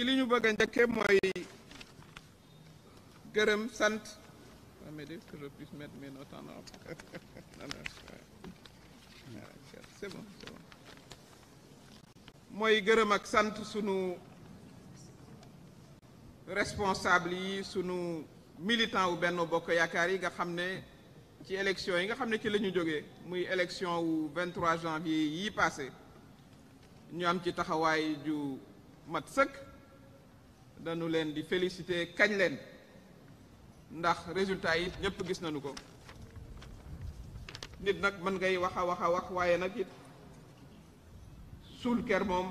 ci li ñu bëgg njëkk njëkke mooy gërëm sant mooy gërëm ak sant sunu responsable yi sunu militant wu benn Bokk Yaakaar yi nga xam ne ci élection yi nga xam ne ci la ñu muy élection wu 23 janvier yi passé ñu am ci taxawaay ju mat sëkk danu leen di félicité kañ leen ndax résultat yi ñëpp gis nañu ko nit nag mën ngay wax a a wax waaye nag it suul ker moom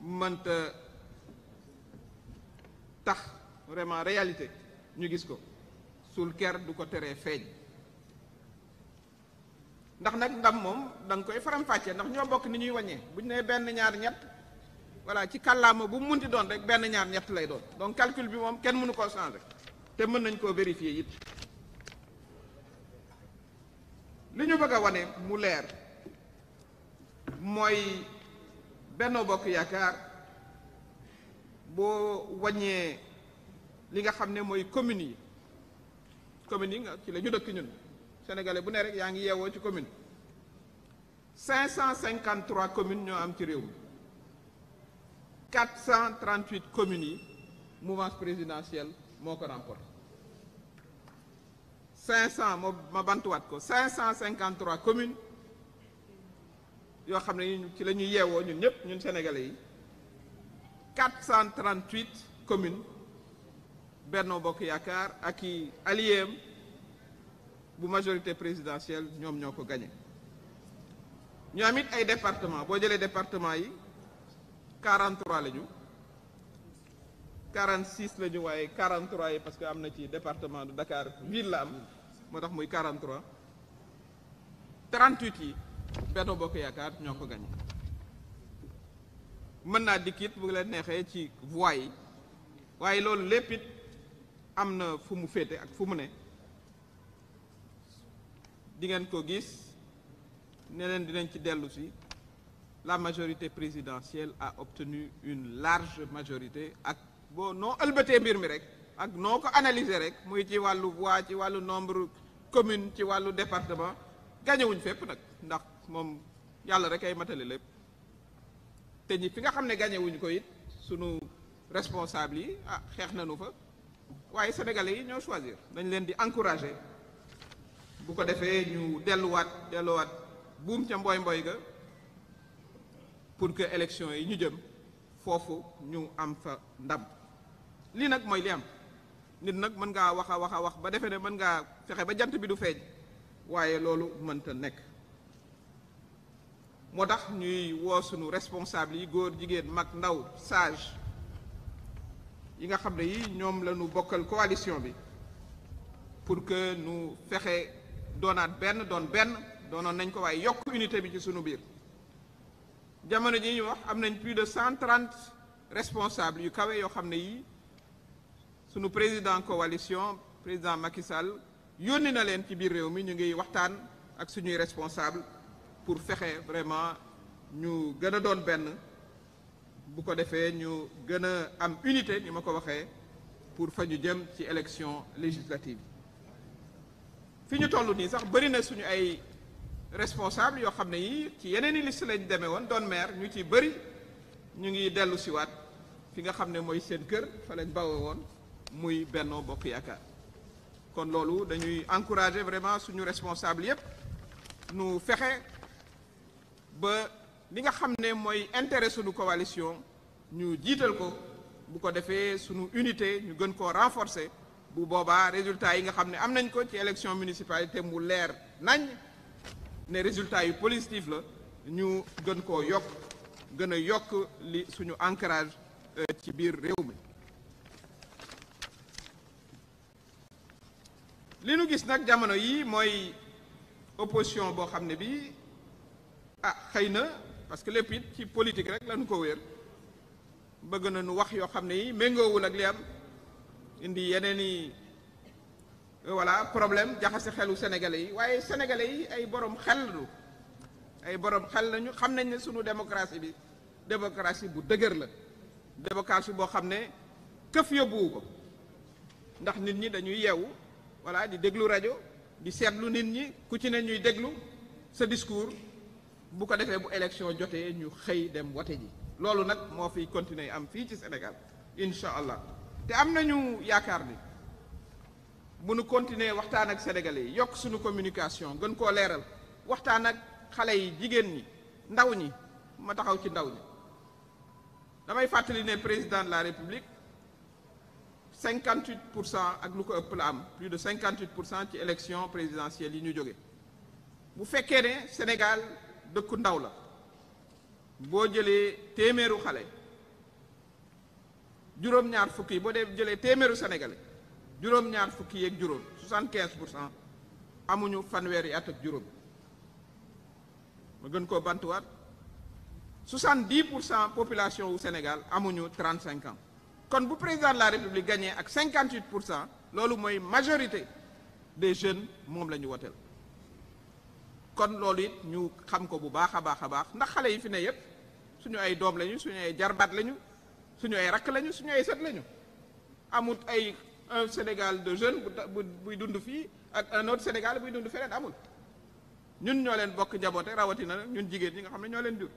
mënta tax vraiment réalité ñu gis ko suul ker du ko teree feeñ ndax nag ndam moom da koy faram-fàccee ndax ñoo bokk ni ñuy wàññee bu ñu nee benn ñaar ñett voilà ci kàllaama bu mu munti doon rek benn ñaar ñett lay doon donc calcul bi moom kenn mënu koo changer te mën nañ koo vérifier it li ñu bëgg wane mu leer mooy Benno Bokk Yaakaar boo wàññee li nga xam ne mooy communes yi communes yi nga ci la ñu dëkk ñun sénégalais bu ne rek yaa ngi yeewoo ci commune 553 communes ñoo am ci réew mi 438 communes yi mouvance présidentielle moo ko remporté 500 moo ma bantuwaat ko 553 commune yoo xam ne ci lañuy yeewoo ñun ñëpp ñun sénégalais yi 438 commune Benno Bokk Yaakaar ak i alliéem bu majorité présidentielle ñoom ñoo ko gagné ñu it ay département boo jëlee département yi. 43 la ñu 46 la ñu waaye 43 yi parce que am na ci département du Dakar ville la am moo tax muy 43 38 yi Benno Bokk Yaakaar ñoo ko gañe mën naa dikkit ngi leen neexee ci voix yi waaye loolu lépp it am na fu mu féete ak fu mu ne dingeen ko gis ne leen dinañ ci dellusi la majorité présidentielle a obtenu une large majorité ak boo noo albatee mbir mi rek ak noo ko analyser rek muy ci wàllu voix ci wàllu nombre commune ci wàllu département gañewuñ fépp nag ndax moom yàlla rek ay matale lépp te ñi fi nga xam ne gañewuñ ko sunu responsable yi ah xeex nañu fa waaye sénégalais yi ñoo choisir dañ leen di encourager bu ko defee ñu delluwaat delluwaat buum ca mbooy mbooy ga pour que élection yi ñu jëm foofu ñu am fa ndam lii nag mooy li am nit nag mën ngaa wax a wax a wax ba defee ne mën ngaa fexe ba jant bi du feeñ waaye loolu mënta nekk moo tax ñuy woo sunu responsable yi góor jigéen mag ndaw sage yi nga xam ne yi ñoom la ñu bokkal coalition bi pour que nu fexe doonaat benn doon benn doonoon nañ ko waaye yokk unité bi ci sunu biir jamono ji ñu wax am nañ plus de cent trente responsables yu kawe yoo xam ne yi sunu président coalition président Macky Sall yónni na leen ci biir réew mi ñu ngi waxtaan ak suñuy responsable pour fexe vraiment ñu gën a doon benn bu ko defee ñu gën a am unité ni ma ko waxee pour fa ñu jëm ci élection législative fi ñu toll nii sax bëri na suñu ay responsable yoo xam ne yii ci yeneen i liste lañ demee woon doon maire ñu ci bëri ñu ngi dellu siwaat fi nga xam ne mooy seen kër fa lañ bawoo woon muy Benno Bokk Yaakaar kon loolu dañuy encourager vraiment suñu responsable yépp nu fexe ba li nga xam ne mooy intérêt suñu coalition ñu jiital ko bu ko defee suñu unité ñu gën koo renforcer bu boobaa résultat yi nga xam ne am nañ ko ci élection municipalité mu leer nañ ne résultat yu positif la ñu gën koo yokk gën a yokk li suñu ancrage euh, ci biir réew mi li nu gis nag jamono yi mooy opposition boo xam ne bi ah xëy na parce que lépp it ci politique rek lañu ko wéer bëgg na nañu wax yoo xam ne yi méngoowul ak li am indi yeneen i Euh, voilà problème jaxase xelu sénégalais yi waaye sénégalais yi ay borom xel lu ay borom xel lañu xam nañ ne suñu démocratie bi démocratie bu dëgër la démocratie boo xam ne këf yóbbuwu ko ndax nit ñi dañuy yeewu voilà di déglu rajo di seetlu nit ñi ku ci ne ñuy déglu sa discours bu ko defee bu élection jotee ñu xëy dem wote ji loolu nag moo fiy continuer am fii ci Sénégal incha allah te am nañu yaakaar ni bu nu continuer waxtaan ak sénégalais yi yokk suñu communication gën koo leeral waxtaan ak xale yi jigéen ñi ndaw ñi ma taxaw ci ndaw ñi damay fàttali ne président de la république 58 pour cent ak lu ko ëpp la am plus de 58 pour cent ci élection présidentielle yi ñu jóge bu fekkee ne Sénégal dëkku ndaw la boo jëlee téeméeru xale juróom-ñaar fukk yi boo dee jëlee téeméeru sénégalais. juróom-ñaar fukki yeeg juróom 75 pour cent amuñu fanweeri at ak juróom ma gën koo bantuwaat 70 pour cent population wu Sénégal amuñu 35 ans kon bu président de la République gagné ak pour cent loolu mooy majorité des jeunes moom la ñu woteel kon loolu it ñu xam ko bu baax a baax a baax ndax xale yi fi ne yëpp suñu ay doom lañu suñu ay jarbaat lañu ñu ay rakk lañu suñu ay sët lañu amut ay un Sénégal de jeune bu bu buy dund fii ak un autre Sénégal buy dund feneen amul ñun ñoo leen bokk njaboote rawatina ñun jigéen ñi nga xam ne ñoo leen jur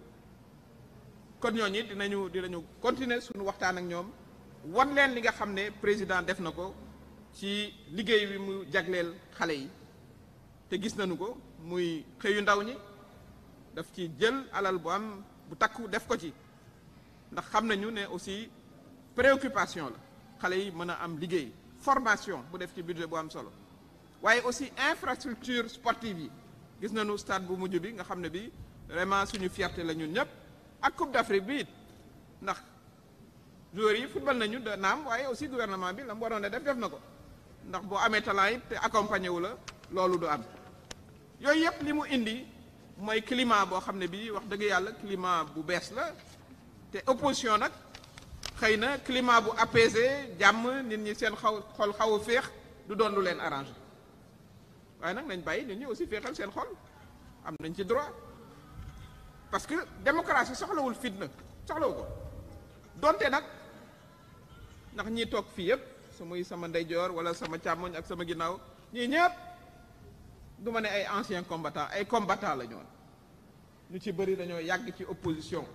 kon ñooñu dinañu dinañu continuer suñu waxtaan ak ñoom wan leen li nga xam ne président def na ko ci liggéey bi mu jagleel xale yi te gis nañu ko muy xëyu ndaw ñi daf ci jël alal bu am bu takku def ko ci ndax xam nañu ne aussi préoccupation la xale yi mën a am liggéey formation bu def ci budget bu am solo waaye aussi infrastructure sportive yi gis nañu stade bu mujj bi nga xam ne bi vraiment suñu fierté la ñun ñëpp ak coupe d'Afrique bi it ndax joueurs yi football nañu da naam waaye aussi gouvernement bi la mu waroon a def def na ko ndax boo amee talent it te accompagné wu la loolu du am yooyu yëpp li mu indi mooy climat boo xam ne bii wax dëgg yàlla climat bu bees la te opposition nag xëy na climat bu apaisé jàmm nit ñi seen xaw xol xaw a féex du doon lu leen arrangé waaye nag nañ bàyyi nit ñi aussi féexal seen xol am nañ ci droit parce que démocratie soxlawul fitna soxlawu ko donte nag ndax ñi toog fii yëpp su muy sama ndeyjoor wala sama càmmoñ ak sama ginnaaw ñii ñëpp du ma ne ay anciens combattants ay combattants la ñu ci bëri dañoo yàgg ci opposition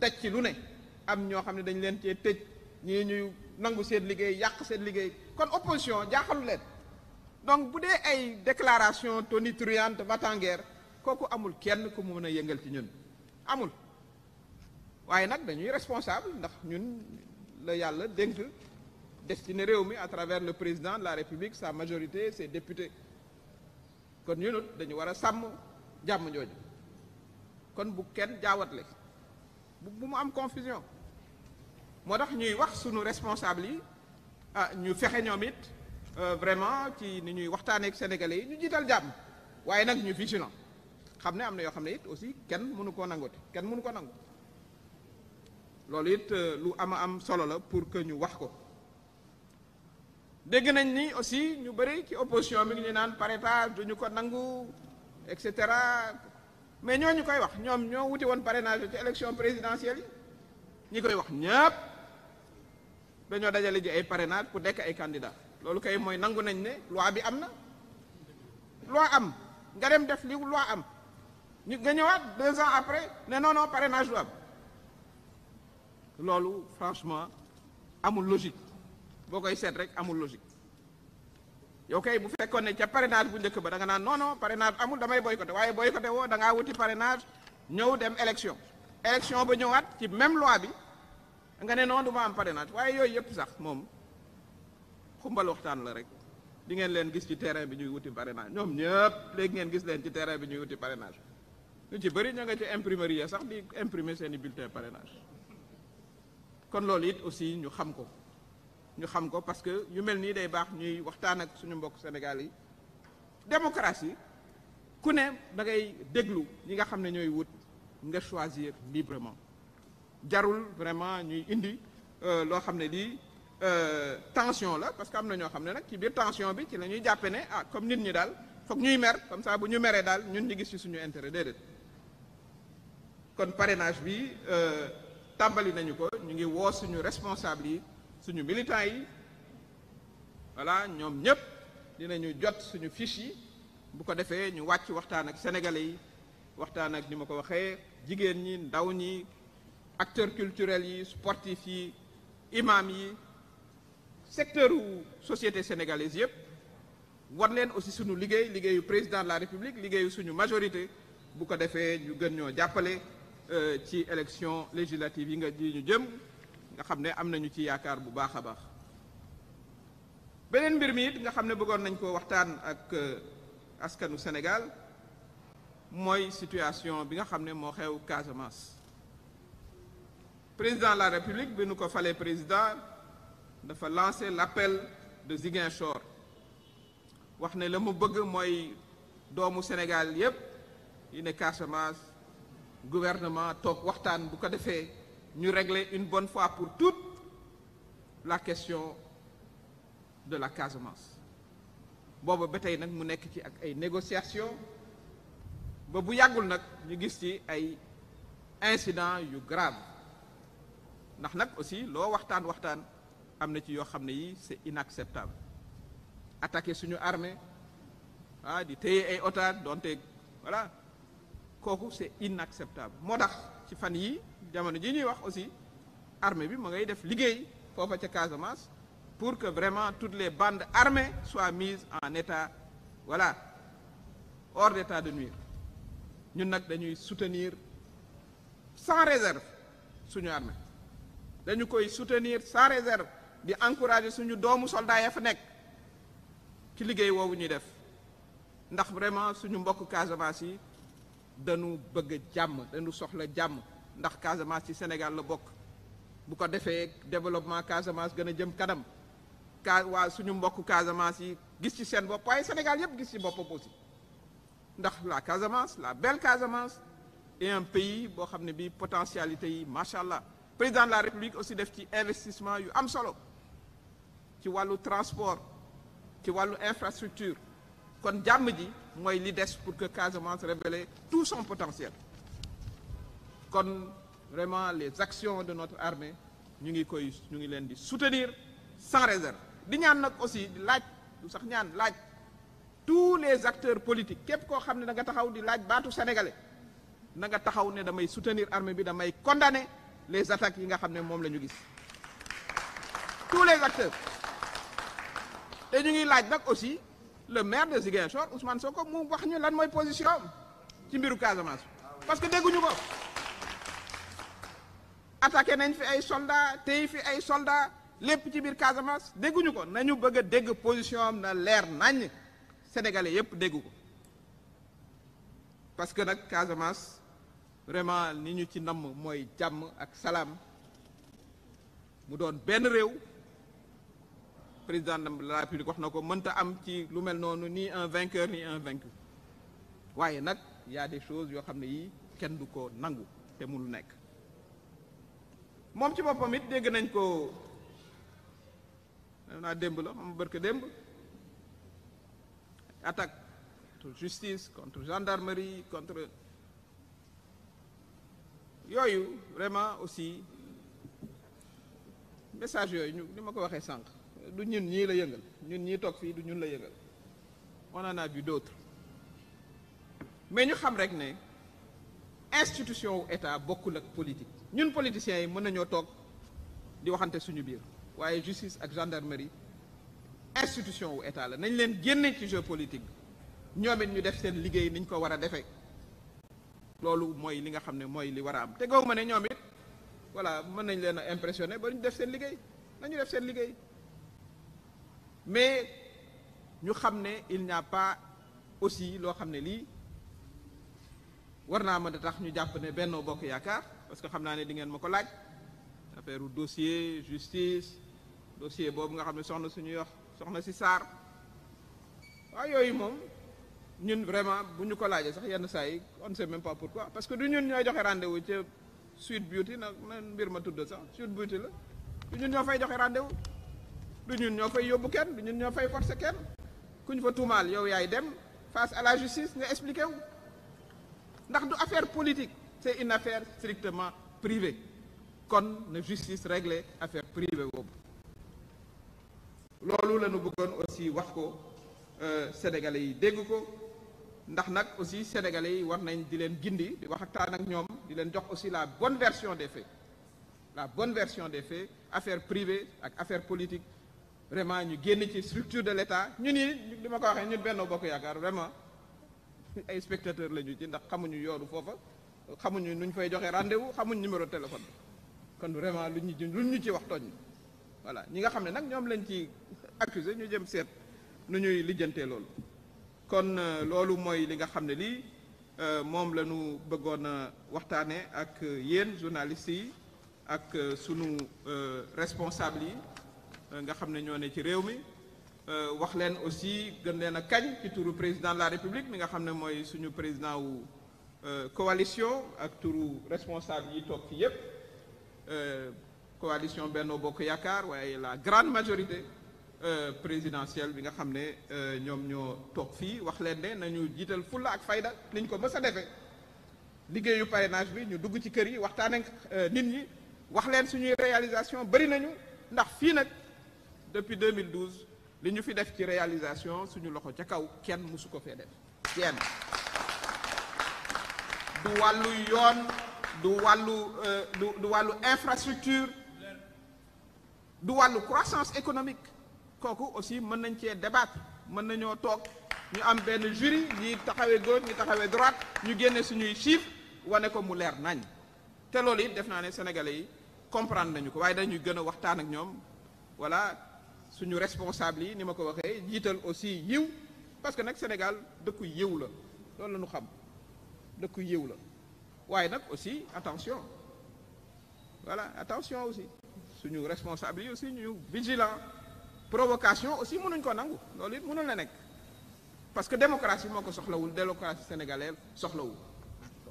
daj ci lu ne am ñoo xam ne dañ leen cee tëj ñii ñuy nangu seen liggéey yàq seen liggéey kon opposition jaaxalu leen donc bu dee ay déclaration tonitruante va kooku amul kenn ku mu mën a yëngal ci ñun amul waaye nag dañuy responsable ndax ñun la yàlla dénk ne réew mi à travers le président de la république sa majorité ses députés kon ñunut dañu war a sàmm jàmm jooju kon bu kenn jaawatle bu mu am confusion moo tax ñuy wax suñu responsable yi ah ñu fexe ñoom it euh, vraiment ci ni ñuy waxtaanee ak sénégalais yi ñu jiital jàmm waaye nag ñu vigilant xam ne am na yoo xam ne it aussi kenn mënu koo nangooti kenn mënu ko nangu loolu it euh, lu ama am solo la pour que ñu wax ko dégg nañ ni aussi ñu bëri ci opposition mi ngi ñu naan parrainage duñu ko nangu et cetera mais ñooñu koy wax ñoom ñoo wuti woon parrainage ci élection présidentielle yi ñi koy wax ñëpp dañoo dajale ji ay parrainage bu nekk ay candidat loolu kay mooy nangu nañ ne loi bi am na loi am nga dem def li loi am ñu nga ñëwaat deux ans après ne non non parrainage du am loolu franchement amul logique boo koy seet rek amul logique yow kay bu fekkoon ne ca parrainage bu njëkk ba da nga naan non non parrainage amul damay boycotté waaye boycotté woo da ngaa wuti parrainage ñëw dem élection élection ba ñëwaat ci même loi bi nga ne noonu du ma am parrainage waaye yooyu yëpp sax moom xumbal waxtaan la rek di ngeen leen gis ci terrain bi ñuy wuti parrainage ñoom ñëpp léegi ngeen gis leen ci terrain bi ñuy wuti parrainage lu ci bëri ña nga ci imprimerie ya sax di imprimer seeni i bulletin parrainage kon loolu it aussi ñu xam ko ñu xam ko parce que yu mel nii day baax ñuy waxtaan ak suñu mbokk Sénégal yi démocratie ku ne da ngay déglu ñi nga xam ne ñooy wut nga choisir librement jarul vraiment ñuy indi euh, loo xam ne lii euh, tension la parce que am na ñoo xam ne nag ci biir tension bi ci la jàppe ne ah comme nit ñi daal foog ñuy mer comme ça bu ñu meree daal ñun ñu gis ci suñu intérêt déedéet kon parrainage bi euh, tàmbali nañu ko ñu ngi woo suñu responsable yi suñu militants yi voilà ñoom ñëpp dinañu jot suñu fiche yi bu ko defee ñu wàcc waxtaan ak sénégalais yi waxtaan ak ni ma ko waxee jigéen ñi ndaw ñi acteur culturels yi sportifs yi imam yi secteur u société sénégalaise yëpp war leen aussi suñu liggéey liggéeyu président de la république liggéeyu suñu majorité bu ko defee ñu gën ñoo jàppale euh, ci élection législative yi nga ji ñu jëm nga xam ne am nañu ci yaakaar bu baax a baax beneen mbir mi it nga xam ne bëggoon nañ ko waxtaan ak euh, askanu Sénégal mooy situation bi nga xam ne moo xew Casamance président la république bi nu ko falee président dafa lancé l'appel de Ziguinchor wax ne la mu bëgg mooy doomu Sénégal yépp yu ne Casamance gouvernement toog waxtaan bu ko defee ñu régler une bonne fois pour toutes la question de la Casamance booba ba tey nag mu nekk ci ak ay négociations ba bu yàggul nag ñu gis ci ay incidents yu grave ndax nag aussi loo waxtaan waxtaan am na ci yoo xam ne yi c'est inacceptable attaquer suñu armée ah di téye ay otage donte voilà kooku c'est inacceptable moo tax ci fan yi jamono ji ñuy wax aussi armée bi ma ngay def liggéey foofa ca Casamance pour que vraiment toutes les bandes armées soit mise en état voilà hors d'état de nuire ñun nag dañuy soutenir sans réserve suñu armée dañu koy soutenir sans réserve di encourager suñu doomu soldat ya fa nekk ci liggéey woowu ñuy def ndax vraiment suñu mbokk Casamance yi dañu bëgg jàmm dañu soxla jàmm ndax Casamance ci Sénégal la bokk bu ko defee développement Casamance gën a jëm kanam ka waa suñu mbokk Casamance yi gis ci seen bopp waaye Sénégal yëpp gis ci boppam aussi ndax la Casamance la belle Casamance est un pays boo xam ne bii potentialité yi macha allah. président de la république aussi def ci investissement yu am solo ci wàllu transport ci wàllu infrastructure kon jàmm ji mooy li des pour que Casamance révèle tout son potentiel kon vraiment les actions de notre armée ñu ngi koy ñu ngi leen di soutenir sans réserve di ñaan nag aussi di laaj lu sax ñaan laaj tous les acteurs politiques képp koo xam ne da nga taxaw di laaj baatu sénégalais na nga taxaw ne damay soutenir armée bi damay condamner les attaques yi nga xam ne moom la ñu gis tous les acteurs te ñu ngi laaj nag aussi le maire de Ziguinchor soo ko mu wax ñu lan mooy position am ci mbiru Casamance parce que dégguñu ko attaqué nañ fi ay soldats tey fi ay soldats lépp ci biir Casamance dégguñu ko nañu bëgg a dégg position am na leer nañ sénégalais yépp dégg ko parce que nag Casamance. vraiment ni ñu ci namm mooy jàmm ak salaam mu doon benn réew président de la république wax na ko mënta am ci lu mel noonu ni un vainqueur ni un vaincu waaye nag y a des yoo xam ne yi kenn du ko nangu te mul nekk moom ci boppam it dégg nañ ko naa démb la xam bërka démb attaque contre justice contre gendarmerie contre yooyu vraiment aussi message yooyu ñu ni ma ko waxee sànq du ñun ñii la yëngal ñun ñii toog fii du ñun la yëngal on en a vu d'autres mais ñu xam rek ne institution wu état bokkul ak politique ñun politiciens yi mën nañoo toog di waxante suñu biir waaye justice ak gendarmerie institution wu état la nañ leen génne ci jeu politique ñoom it ñu def seen liggéey niñ ko war a defee. loolu mooy li nga xam ne mooy li war a am te gaw ma ne ñoom it voilà mën nañ leen a impressionné ba ñu def seen liggéey nañu def seen liggéey mais ñu xam ne il n'y a aussi loo xam ne lii war naa mën a tax ñu jàpp ne benn Bokk Yaakaar parce que xam naa ne di ngeen ma ko laaj affaire dossier justice dossier boobu nga xam ne soxna suñu wax soxna si Sarr waa yooyu moom ñun vraiment bu ñu ko laajee sax yenn saa yi on sait même pas pourquoi parce que du ñun ñooy joxe rendez-vous ca Sweet Beauty nag mbir ma tudd sax Sweet Beauty la du ñun ñoo fay joxe rendez-vous du ñun ñoo fay yóbbu kenn du ñun ñoo fay forcer kenn ku ñu fa tuumaal yow yaay dem face à la justice nga expliqué wu ndax du affaire politique c'est une affaire strictement privée kon na justice réglé affaire privée boobu loolu la ñu aussi wax ko euh, sénégalais yi dégg ko ndax nag aussi sénégalais yi war nañ di leen gindi di waxtaan ak ñoom di leen jox aussi la bonne version des faits la bonne version des faits affaire privée ak affaire politique vraiment ñu génn ci structure de l'État ñun yi li ma ko waxee ñun benn Bokk Yaakaar vraiment ay spectateurs la ñu ci ndax xamuñu yoonu foofa xamuñu nu ñu fay joxe rendez-vous xamuñu numéro téléphone kon vraiment lu ñu lu ñu ci wax tooñ voilà ñi nga xam ne nag ñoom lañ ci accusé ñu jëm seet nu ñuy lijjantee loolu kon euh, loolu mooy li nga xam ne lii euh, moom la ñu bëggoon a waxtaane ak euh, yenn journalistes yi ak sunu responsable yi nga xam ne ñoo ne ci réew mi wax leen aussi gën leen a kañ ci turu président de la république mi nga xam ne mooy suñu président wu coalition ak turu responsable yi toog fi yépp coalition Benno Bokk Yaakaar waaye la grande majorité Euh, présidentielle bi nga xam ne euh, ñoom ñoo toog fii wax leen ne nañu jiital fulla ak fayda niñ ko mës a defee liggéeyu parrainage bi ñu dugg ci kër yi waxtaan ak euh, nit ñi wax leen suñuy réalisation bëri nañu ndax fii nag depuis 2012 li ñu fi def ci réalisation suñu loxo ca kaw kenn mësu ko fee def kenn du wàllu yoon du wàllu du wàllu infrastructure du wàllu croissance économique kooku aussi mën nañ cee débat mën nañoo toog ñu am benn jury ñi taxawee gauche ñi taxawee droite ñu génne suñuy chiffres wane ko mu leer nañ te loolu it def naa ne sénégalais yi comprendre nañu ko waaye dañuy gën a waxtaan ak ñoom voilà suñu responsable yi ni ma ko waxee jiital aussi yiw parce que nag Sénégal dëkku yiw la loolu la ñu xam dëkku yiw la waaye nag aussi attention voilà attention aussi suñu responsable yi aussi ñu vigilant provocation aussi mënuñ ko nangu loolu it mënul na nekk parce que démocratie moo ko soxlawul démocratie sénégalaise soxlawul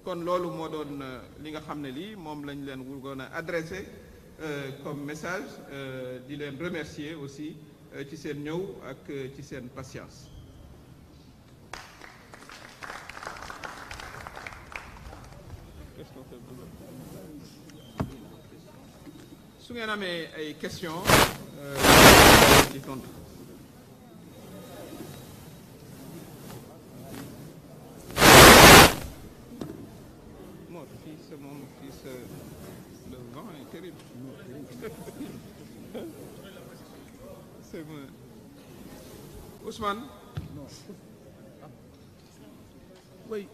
kon loolu moo doon euh, li nga xam ne lii moom lañ leen wugoon a adressé euh, comme message euh, di leen remercier aussi ci seen ñëw ak ci seen patience su ngeen amee ay question ci tontu Mor fii sa moom fii sa le vent est terrible c'est bon Ousmane oui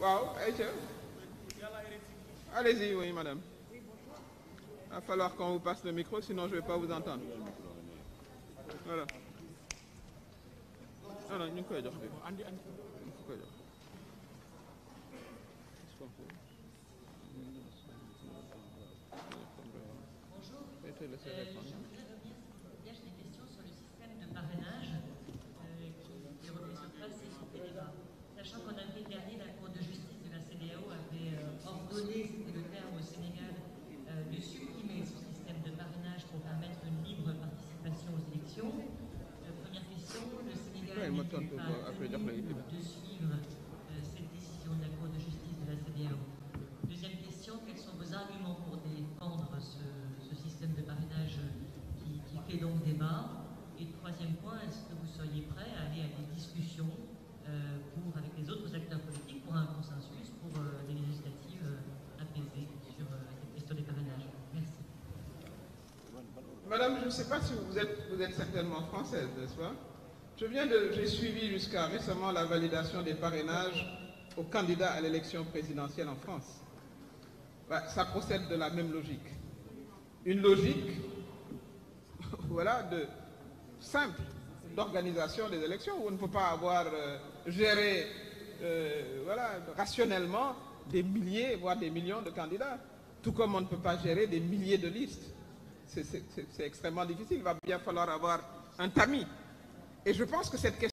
waaw Aïcha allez-y oui madame va falloir qu'on vous passe le micro, sinon je vais pas vous entendre. Voilà. Voilà, ñu ngi koy jox bi. Andi andi. Ñu ngi koy jox. Bonjour. de parrainage euh, qui est revenu sur place et sur Pénéba. Sachant la Cour de justice de la avait euh, ordonné, le terme au Sénégal, euh, pour permettre une libre participation aux élections. Euh, première question, le Sénégal est de suivre euh, cette décision de la Cour de justice de la CDAO. E Deuxième question, quels sont vos arguments pour défendre ce, système de parrainage qui, fait donc débat Et troisième point, est-ce que vous seriez prêt à aller à des discussions euh, pour, avec les autres acteurs politiques Madame, je ne sais pas si vous êtes, vous êtes certainement française, nest j'ai suivi jusqu'à récemment la validation des parrainages aux candidats à l'élection présidentielle en France. Bah, ça de la même logique. Une logique, de simple d'organisation des élections où on ne peut pas avoir euh, géré, euh, rationnellement des milliers, voire des millions de candidats, tout comme on ne peut pas gérer des milliers de listes. c'est extrêmement difficile. Il va bien falloir avoir un tamis. Et je pense que cette question